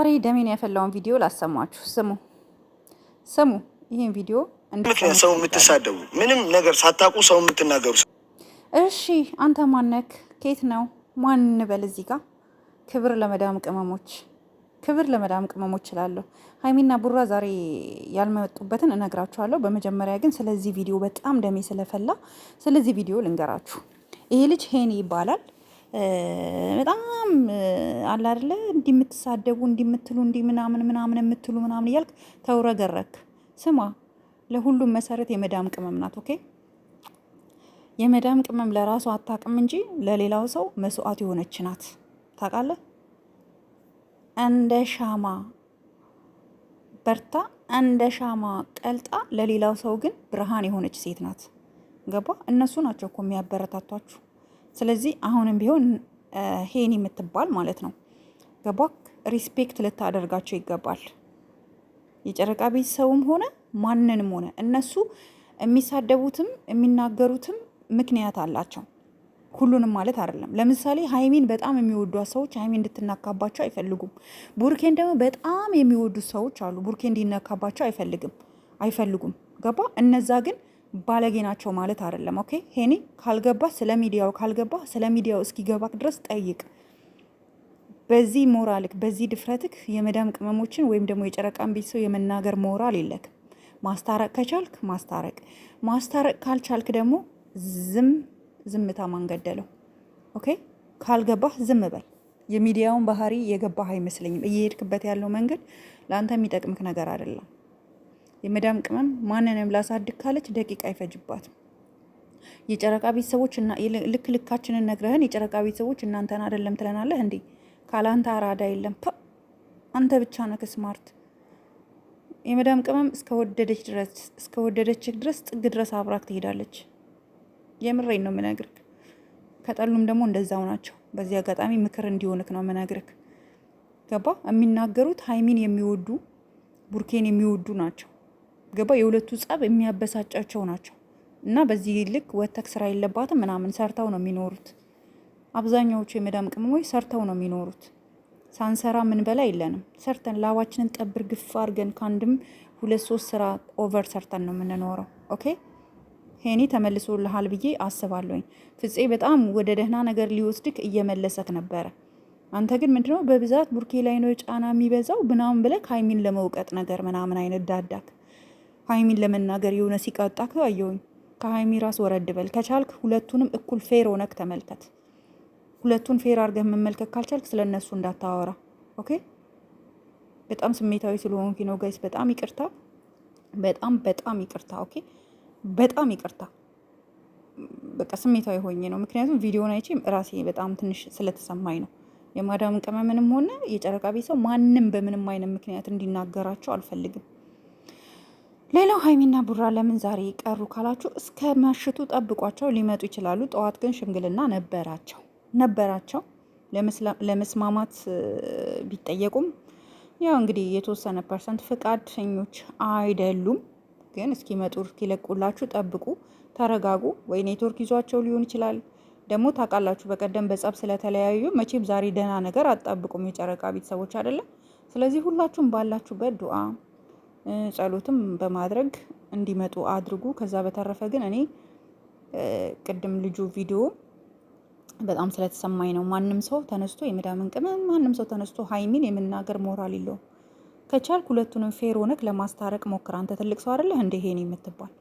ዛሬ ደሜን ያፈላውን ቪዲዮ ላሰማችሁ። ስሙ ስሙ። ይህን ቪዲዮ ሰው የምትሳደቡ ምንም ነገር ሳታውቁ ሰው የምትናገሩ። እሺ አንተ ማነክ? ኬት ነው ማን እንበል? እዚህ ጋ ክብር ለመዳም ቅመሞች፣ ክብር ለመዳም ቅመሞች እላለሁ። ሀይሚና ቡራ ዛሬ ያልመጡበትን እነግራችኋለሁ። በመጀመሪያ ግን ስለዚህ ቪዲዮ በጣም ደሜ ስለፈላ ስለዚህ ቪዲዮ ልንገራችሁ። ይሄ ልጅ ሄኒ ይባላል። በጣም አለ አይደለ እንዲህ የምትሳደቡ እንዲህ የምትሉ እንዲህ ምናምን ምናምን የምትሉ ምናምን እያልክ ተውረገረክ። ስማ ለሁሉም መሰረት የመዳም ቅመም ናት። ኦኬ የመዳም ቅመም ለራሱ አታቅም እንጂ ለሌላው ሰው መስዋዕት የሆነች ናት። ታውቃለህ? እንደ ሻማ በርታ፣ እንደ ሻማ ቀልጣ፣ ለሌላው ሰው ግን ብርሃን የሆነች ሴት ናት። ገባ? እነሱ ናቸው እኮ የሚያበረታቷችሁ። ስለዚህ አሁንም ቢሆን ሄን የምትባል ማለት ነው ገባክ፣ ሪስፔክት ልታደርጋቸው ይገባል። የጨረቃ ቤተሰቡም ሆነ ማንንም ሆነ እነሱ የሚሳደቡትም የሚናገሩትም ምክንያት አላቸው። ሁሉንም ማለት አይደለም። ለምሳሌ ሀይሚን በጣም የሚወዷት ሰዎች ሀይሚን እንድትናካባቸው አይፈልጉም። ቡርኬን ደግሞ በጣም የሚወዱ ሰዎች አሉ። ቡርኬ እንዲነካባቸው አይፈልግም አይፈልጉም። ገባ እነዛ ግን ባለጌ ናቸው ማለት አይደለም። ኦኬ ሄኒ ካልገባ ስለ ሚዲያው ካልገባ ስለ ሚዲያው እስኪገባክ ድረስ ጠይቅ። በዚህ ሞራልክ በዚህ ድፍረትክ የመዳም ቅመሞችን ወይም ደግሞ የጨረቃን ሰው የመናገር ሞራል የለክ። ማስታረቅ ከቻልክ ማስታረቅ፣ ማስታረቅ ካልቻልክ ደግሞ ዝም ዝምታ ማንገደለው። ኦኬ ካልገባህ ዝም በል። የሚዲያውን ባህሪ የገባህ አይመስለኝም። እየሄድክበት ያለው መንገድ ለአንተ የሚጠቅምክ ነገር አይደለም። የመዳም ቅመም ማንንም ላሳድግ ካለች ደቂቃ አይፈጅባትም። የጨረቃ ቤተሰቦች እና ልክ ልካችንን ነግረህን የጨረቃ ቤተሰቦች እናንተን አይደለም ትለናለህ እንዴ? ካላንተ አራዳ የለም። አንተ ብቻ ነህ ስማርት። የመዳም ቅመም እስከወደደች ድረስ እስከወደደች ድረስ ጥግ ድረስ አብራክ ትሄዳለች። የምሬን ነው የምነግርህ። ከጠሉም ደግሞ እንደዛው ናቸው። በዚህ አጋጣሚ ምክር እንዲሆንክ ነው የምነግርህ። ገባ? የሚናገሩት ሀይሚን የሚወዱ ቡርኬን የሚወዱ ናቸው። ገባ የሁለቱ ጸብ የሚያበሳጫቸው ናቸው እና በዚህ ልክ ወተክ ስራ የለባትም ምናምን ሰርተው ነው የሚኖሩት። አብዛኛዎቹ የመዳም ቅመሞች ሰርተው ነው የሚኖሩት። ሳንሰራ ምን በላ የለንም። ሰርተን ላባችንን ጠብር ግፍ አድርገን ከአንድም ሁለት ሶስት ስራ ኦቨር ሰርተን ነው የምንኖረው። ኦኬ ሄኒ ልሃል ብዬ አስባለሁኝ። ፍፄ በጣም ወደ ደህና ነገር ሊወስድክ እየመለሰክ ነበረ። አንተ ግን ምንድነው በብዛት ቡርኬ ላይ ነው ጫና የሚበዛው ምናምን ብለ ሀይሚን ለመውቀጥ ነገር ምናምን አይነት ዳዳክ ሀይሚን ለመናገር የሆነ ሲቃጣክ አየውኝ። ከሀይሚ ራስ ወረድ በል ከቻልክ፣ ሁለቱንም እኩል ፌር ሆነክ ተመልከት። ሁለቱን ፌር አድርገህ መመልከት ካልቻልክ ስለ እነሱ እንዳታወራ። ኦኬ። በጣም ስሜታዊ ስለሆንኩ ነው ጋይስ፣ በጣም ይቅርታ። በጣም በጣም ይቅርታ። ኦኬ፣ በጣም ይቅርታ። በቃ ስሜታዊ ሆኜ ነው፣ ምክንያቱም ቪዲዮን አይቼ ራሴ በጣም ትንሽ ስለተሰማኝ ነው። የማዳም ቅመምንም ሆነ የጨረቃ ቤት ሰው ማንም በምንም አይነት ምክንያት እንዲናገራቸው አልፈልግም። ሌላው ሀይሚና ቡራ ለምን ዛሬ ቀሩ ካላችሁ እስከ መሽቱ ጠብቋቸው ሊመጡ ይችላሉ። ጠዋት ግን ሽምግልና ነበራቸው ነበራቸው ለመስማማት ቢጠየቁም ያው እንግዲህ የተወሰነ ፐርሰንት ፈቃደኞች አይደሉም። ግን እስኪመጡ እስኪለቁላችሁ ጠብቁ፣ ተረጋጉ። ወይ ኔትወርክ ይዟቸው ሊሆን ይችላል። ደግሞ ታውቃላችሁ፣ በቀደም በጸብ ስለተለያዩ መቼም ዛሬ ደህና ነገር አትጠብቁም የጨረቃ ቤተሰቦች አይደለም። ስለዚህ ሁላችሁም ባላችሁበት ዱዓ ጸሎትም በማድረግ እንዲመጡ አድርጉ። ከዛ በተረፈ ግን እኔ ቅድም ልጁ ቪዲዮ በጣም ስለተሰማኝ ነው። ማንም ሰው ተነስቶ የመዳምን ቅመም ማንም ሰው ተነስቶ ሀይሚን የመናገር ሞራል የለውም። ከቻልክ ሁለቱንም ፌር ሆነክ ለማስታረቅ ሞክር። አንተ ትልቅ ሰው አይደለህ እንደ የምትባል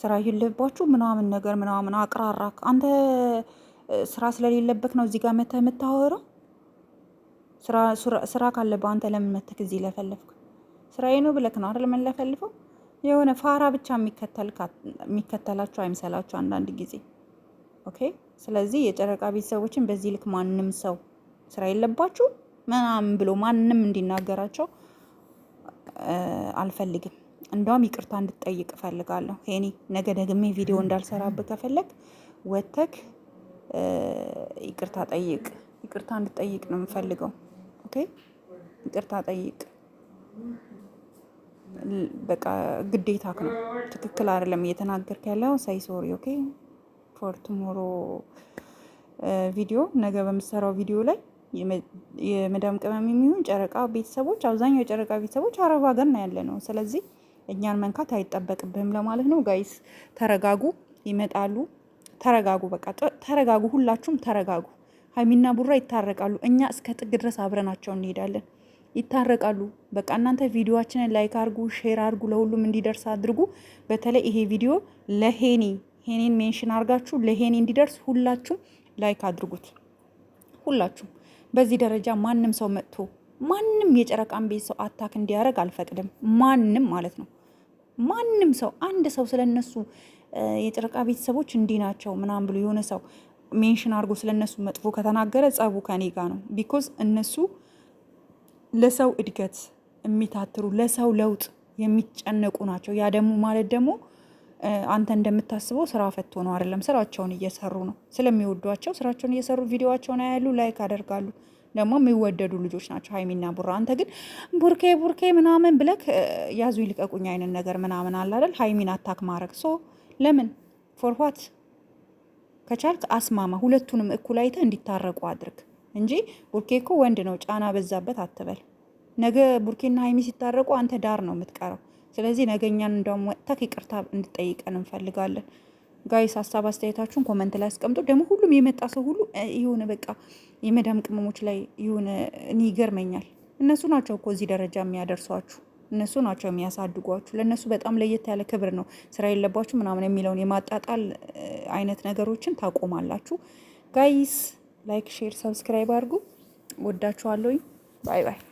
ስራ የለባችሁ ምናምን ነገር ምናምን አቅራራክ። አንተ ስራ ስለሌለበት ነው እዚህ ጋር መተህ የምታወራው። ስራ ካለብህ አንተ ለምን እዚህ ለፈለፍክ? ስራዬ ነው ብለክ ነው አይደል የምንለፈልፈው? የሆነ ፋራ ብቻ የሚከተላችሁ አይምሰላችሁ አንዳንድ ጊዜ ኦኬ። ስለዚህ የጨረቃ ቤተሰቦችን በዚህ ልክ ማንም ሰው ስራ የለባችሁ ምናምን ብሎ ማንም እንዲናገራቸው አልፈልግም። እንደውም ይቅርታ እንድጠይቅ እፈልጋለሁ። ሄኒ ነገ ደግሜ ቪዲዮ እንዳልሰራብ ከፈለግ ወተክ ይቅርታ ጠይቅ። ይቅርታ እንድጠይቅ ነው የምፈልገው። ኦኬ፣ ይቅርታ ጠይቅ። በቃ ግዴታ ነው። ትክክል አይደለም እየተናገርክ ያለው ሳይ ሶሪ ኦኬ ፎር ቱሞሮ ቪዲዮ ነገ በምሰራው ቪዲዮ ላይ የመዳም ቅመም የሚሆን ጨረቃ ቤተሰቦች አብዛኛው የጨረቃ ቤተሰቦች አረብ ሀገር ነው ያለ ነው። ስለዚህ እኛን መንካት አይጠበቅብህም ለማለት ነው። ጋይስ ተረጋጉ፣ ይመጣሉ። ተረጋጉ፣ በቃ ተረጋጉ፣ ሁላችሁም ተረጋጉ። ሀይሚና ቡራ ይታረቃሉ። እኛ እስከ ጥግ ድረስ አብረናቸው እንሄዳለን። ይታረቃሉ። በቃ እናንተ ቪዲዮችንን ላይክ አድርጉ፣ ሼር አድርጉ፣ ለሁሉም እንዲደርስ አድርጉ። በተለይ ይሄ ቪዲዮ ለሄኒ ሄኔን ሜንሽን አድርጋችሁ ለሄኒ እንዲደርስ ሁላችሁም ላይክ አድርጉት። ሁላችሁም በዚህ ደረጃ ማንም ሰው መጥቶ ማንም የጨረቃን ቤት ሰው አታክ እንዲያደርግ አልፈቅድም። ማንም ማለት ነው ማንም ሰው አንድ ሰው ስለነሱ የጨረቃ ቤተሰቦች እንዲህ ናቸው ምናምን ብሎ የሆነ ሰው ሜንሽን አድርጎ ስለነሱ መጥፎ ከተናገረ ጸቡ ከኔ ጋ ነው ቢኮዝ እነሱ ለሰው እድገት የሚታትሩ ለሰው ለውጥ የሚጨነቁ ናቸው። ያ ደግሞ ማለት ደግሞ አንተ እንደምታስበው ስራ ፈቶ ነው አይደለም። ስራቸውን እየሰሩ ነው፣ ስለሚወዷቸው ስራቸውን እየሰሩ ቪዲዮቸውን ያያሉ፣ ላይክ አደርጋሉ። ደግሞ የሚወደዱ ልጆች ናቸው ሀይሚና ቡራ። አንተ ግን ቡርኬ ቡርኬ ምናምን ብለክ ያዙ ይልቀቁኝ አይነት ነገር ምናምን አለ አይደል? ሀይሚን አታክ ማድረግ ሶ ለምን ፎርኋት ከቻልክ አስማማ፣ ሁለቱንም እኩል አይተህ እንዲታረቁ አድርግ። እንጂ ቡርኬ እኮ ወንድ ነው፣ ጫና በዛበት አትበል። ነገ ቡርኬና ሀይሚ ሲታረቁ አንተ ዳር ነው የምትቀረው። ስለዚህ ነገኛን እንደውም ወጥተህ ይቅርታ እንድጠይቀን እንፈልጋለን። ጋይስ ሀሳብ አስተያየታችሁን ኮመንት ላይ አስቀምጡ። ደግሞ ሁሉም የመጣ ሰው ሁሉ የሆነ በቃ የመዳም ቅመሞች ላይ የሆነ እኔ ይገርመኛል። እነሱ ናቸው እኮ እዚህ ደረጃ የሚያደርሷችሁ፣ እነሱ ናቸው የሚያሳድጓችሁ። ለእነሱ በጣም ለየት ያለ ክብር ነው። ስራ የለባችሁ ምናምን የሚለውን የማጣጣል አይነት ነገሮችን ታቆማላችሁ ጋይስ። ላይክ፣ ሼር፣ ሰብስክራይብ አድርጉ። ወዳችኋለሁኝ። ባይ ባይ።